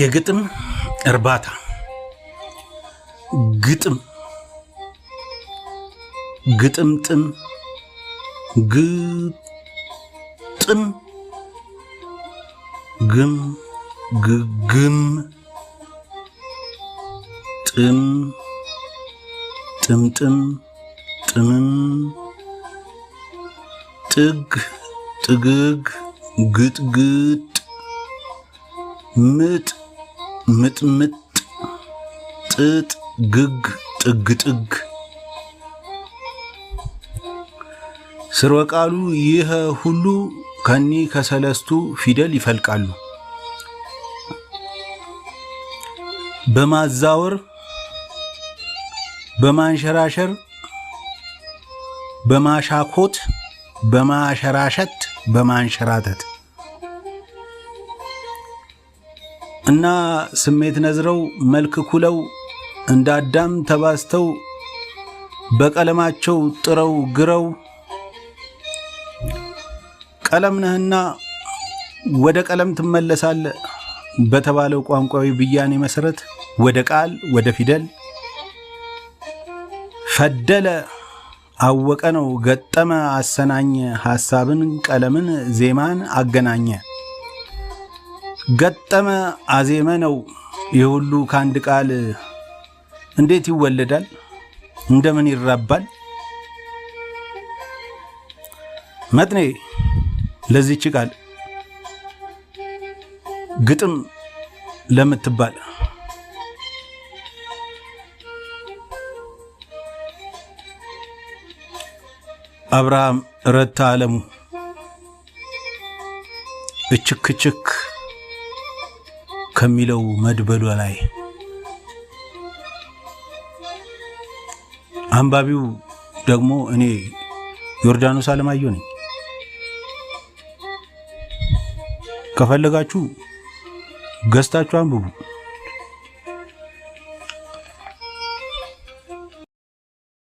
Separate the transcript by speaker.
Speaker 1: የግጥም እርባታ ግጥም ግጥምጥም ግጥም ግም ግግም ጥም ጥምጥም ጥምም ጥግ ጥግግ ግጥግጥ ምጥ ምጥምጥ ጥጥ ግግ ጥግ ስርወ ቃሉ ይህ ሁሉ ከኒ ከሰለስቱ ፊደል ይፈልቃሉ። በማዛወር በማንሸራሸር በማሻኮት በማሸራሸት በማንሸራተት እና ስሜት ነዝረው መልክ ኩለው እንደ አዳም ተባዝተው በቀለማቸው ጥረው ግረው ቀለም ነህና ወደ ቀለም ትመለሳለ በተባለው ቋንቋዊ ብያኔ መሰረት ወደ ቃል ወደ ፊደል ፈደለ አወቀ ነው ገጠመ አሰናኘ ሐሳብን ቀለምን ዜማን አገናኘ ገጠመ አዜመ ነው ይህ ሁሉ ከአንድ ቃል እንዴት ይወለዳል? እንደምን ይራባል? መጥኔ ለዚች ቃል ግጥም ለምትባል አብርሃም ረታ አለሙ እችክችክ ከሚለው መድበሏ ላይ አንባቢው ደግሞ እኔ ዮርዳኖስ አለማየሁ ነኝ። ከፈለጋችሁ ገዝታችሁ አንብቡ።